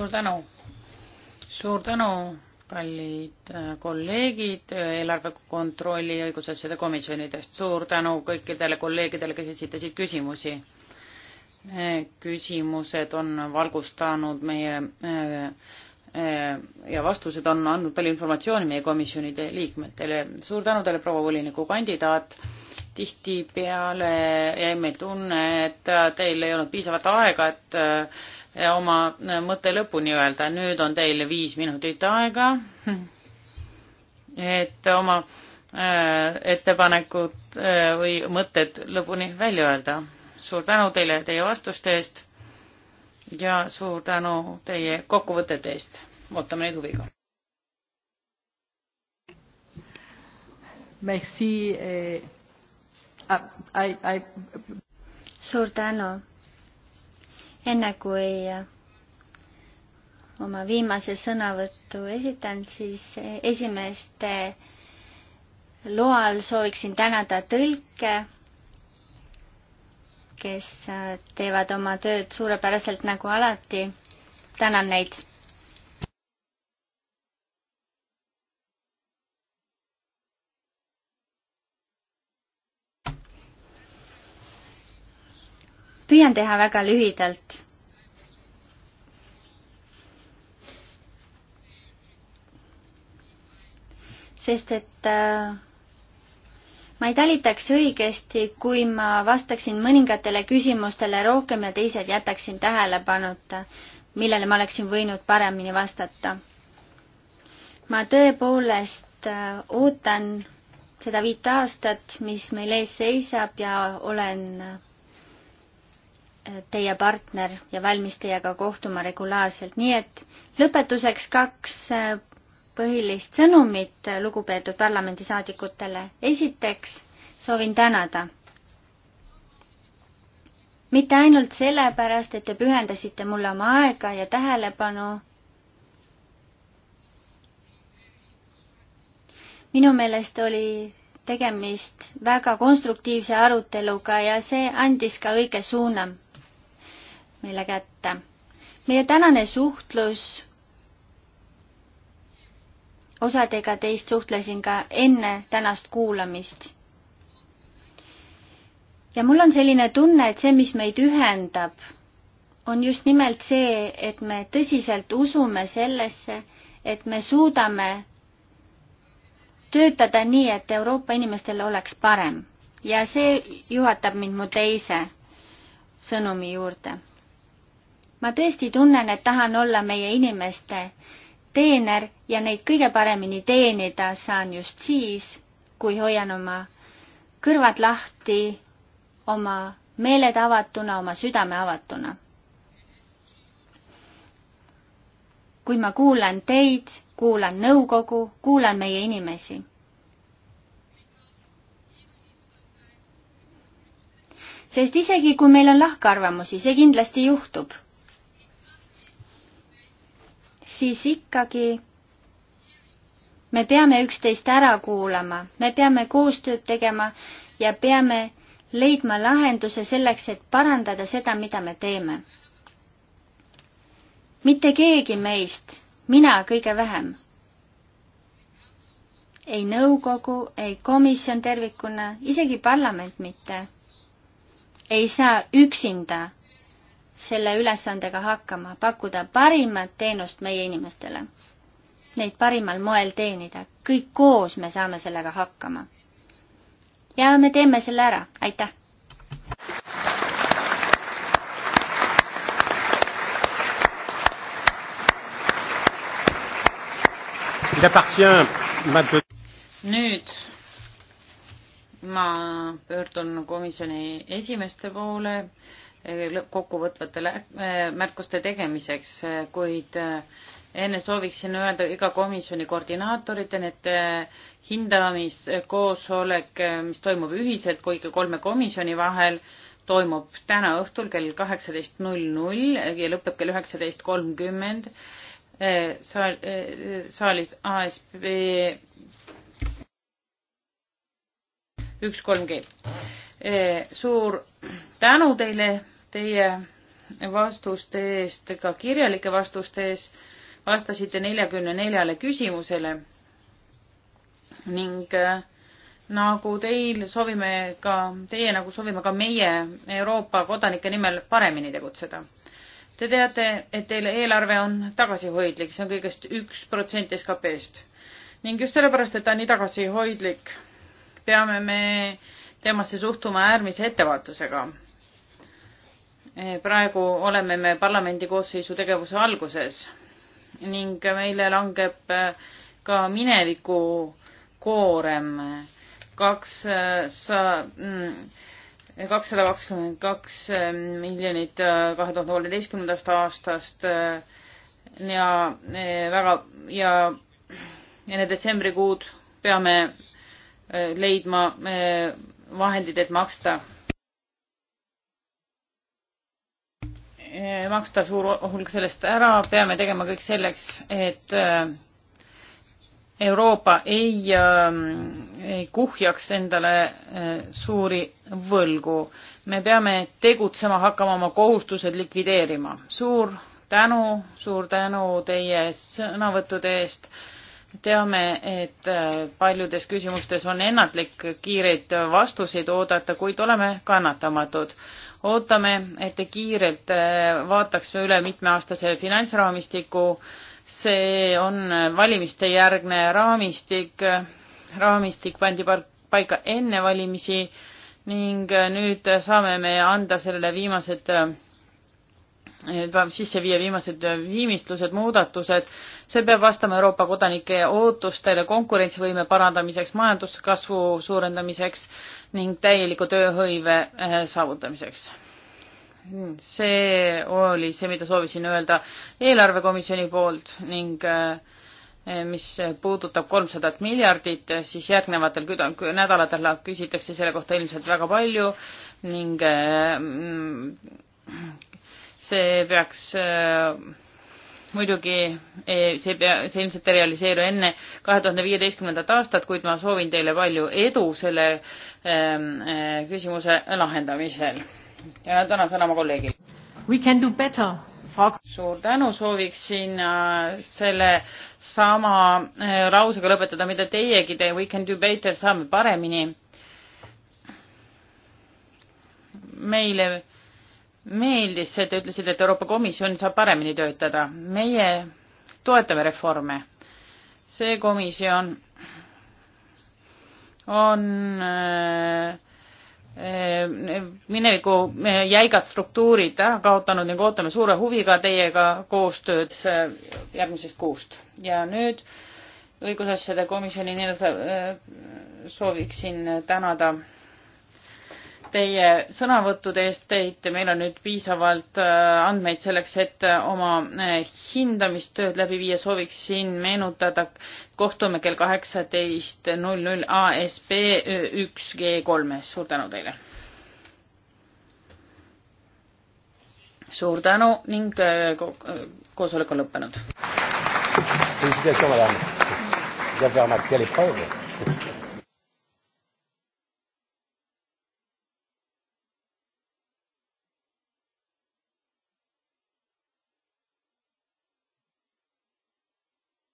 suur tänu. suur tänu, kallid äh, kolleegid äh, eelarve kontrolli õigusasjade komisjonidest. suur tänu kõikidele kolleegidele, kes esitasid küsimusi. Äh, küsimused on valgustanud meie ja vastused on andnud palju informatsiooni meie komisjonide liikmetele. suur tänu teile, proua volinikukandidaat tihtipeale jäi meil tunne, et teil ei olnud piisavalt aega, et oma äh, mõte lõpuni öelda. nüüd on teil viis minutit aega, et oma äh, ettepanekud äh, või mõtted lõpuni välja öelda. suur tänu teile teie vastuste eest ja suur tänu teie kokkuvõtete eest. ootame neid huviga. Merci eh,. Ah, I, I... suur tänu enne kui oma viimase sõnavõttu esitan, siis esimeste loal sooviksin tänada tõlke, kes teevad oma tööd suurepäraselt nagu alati. tänan neid püüan teha väga lühidalt. sest et äh, ma ei talitaks õigesti, kui ma vastaksin mõningatele küsimustele rohkem ja teised jätaksin tähelepanuta, millele ma oleksin võinud paremini vastata. ma tõepoolest äh, ootan seda viit aastat, mis meil ees seisab ja olen teie partner ja valmis teiega kohtuma regulaarselt, nii et lõpetuseks kaks äh, põhilist sõnumit lugupeetud parlamendisaadikutele. esiteks soovin tänada mitte ainult sellepärast, et te pühendasite mulle oma aega ja tähelepanu. minu meelest oli tegemist väga konstruktiivse aruteluga ja see andis ka õige suuna meile kätte. meie tänane suhtlus, osadega teist suhtlesin ka enne tänast kuulamist. ja mul on selline tunne, et see, mis meid ühendab, on just nimelt see, et me tõsiselt usume sellesse, et me suudame töötada nii, et Euroopa inimestel oleks parem ja see juhatab mind mu teise sõnumi juurde ma tõesti tunnen, et tahan olla meie inimeste teener ja neid kõige paremini teenida saan just siis, kui hoian oma kõrvad lahti, oma meeled avatuna, oma südame avatuna. kui ma kuulan teid, kuulan nõukogu, kuulan meie inimesi. sest isegi, kui meil on lahkarvamusi, see kindlasti juhtub siis ikkagi me peame üksteist ära kuulama, me peame koostööd tegema ja peame leidma lahenduse selleks, et parandada seda, mida me teeme. mitte keegi meist, mina kõige vähem, ei nõukogu, ei komisjon tervikuna, isegi parlament mitte, ei saa üksinda selle ülesandega hakkama, pakkuda parimat teenust meie inimestele. Neid parimal moel teenida, kõik koos me saame sellega hakkama. ja me teeme selle ära, aitäh! nüüd ma pöördun komisjoni esimeeste poole kokkuvõtvate äh, märkuste tegemiseks, äh, kuid äh, enne sooviksin öelda iga komisjoni koordinaatorite need hindamiskoosolek, mis toimub ühiselt kõigi kolme komisjoni vahel, toimub täna õhtul kell kaheksateist null null ja lõpeb kell üheksateist kolmkümmend saal, saalis ASB üks kolm G Eh, suur tänu teile teie vastuste eest, ka kirjalike vastuste ees. vastasite neljakümne neljale küsimusele ning eh, nagu teil soovime ka, teie nagu soovime ka meie Euroopa kodanike nimel paremini tegutseda. Te teate, et teil eelarve on tagasihoidlik, see on kõigest üks protsent SKP-st ning just sellepärast, et ta on nii tagasihoidlik, peame me äh, teemasse suhtuma äärmise ettevaatusega. praegu oleme me parlamendi koosseisu tegevuse alguses ning meile langeb äh, ka mineviku koorem kakssada äh, mm, kakssada kakskümmend kaks äh, miljonit kahe tuhande kolmeteistkümnendast aastast ja väga ja enne detsembrikuud peame leidma vahendid, et maksta, eh, maksta suur hulk sellest ära, peame tegema kõik selleks, et eh, Euroopa ei, eh, ei kuhjaks endale suuri võlgu. me peame tegutsema hakkama, oma kohustused likvideerima. suur tänu, suur tänu teie sõnavõttude eest teame, et äh, paljudes küsimustes on ennatlik kiireid vastuseid oodata, kuid oleme kannatamatud. ootame, et te kiirelt äh, vaataks üle mitmeaastase finantsraamistiku. see on valimiste järgne raamistik. raamistik pandi paika enne valimisi ning äh, nüüd saame me anda sellele viimased peab sisse viia viimased äh, viimistlused, muudatused, see peab vastama Euroopa kodanike ootustele konkurentsivõime parandamiseks, majanduskasvu suurendamiseks ning täieliku tööhõive äh, saavutamiseks. see oli see, mida soovisin öelda eelarvekomisjoni poolt ning äh, mis puudutab kolmsadat miljardit, siis järgnevatel nädalatel küsitakse selle kohta ilmselt väga palju ning see peaks äh, muidugi, eh, see pea, see ilmselt ei realiseeru enne kahe tuhande viieteistkümnendat aastat, kuid ma soovin teile palju edu selle ähm, äh, küsimuse lahendamisel. ja tänan sõna oma kolleegile. We can do better suur tänu, sooviksin äh, selle sama lausega lõpetada, mida teiegi te, we can do better, saame paremini. meile meeldis see, et te ütlesite, et Euroopa Komisjon saab paremini töötada. meie toetame reforme. see komisjon on äh, äh, mineviku äh, jäigad struktuurid ära kaotanud ning ootame suure huviga teiega koostööd järgmisest kuust. ja nüüd õigusasjade komisjoni nimel nagu sooviksin tänada teie sõnavõttude eest teid, meil on nüüd piisavalt äh, andmeid selleks, et äh, oma äh, hindamistööd läbi viia, sooviksin meenutada, kohtume kell kaheksateist null null ASB üks G kolmes, suur tänu teile! suur tänu ning koosolek on lõppenud.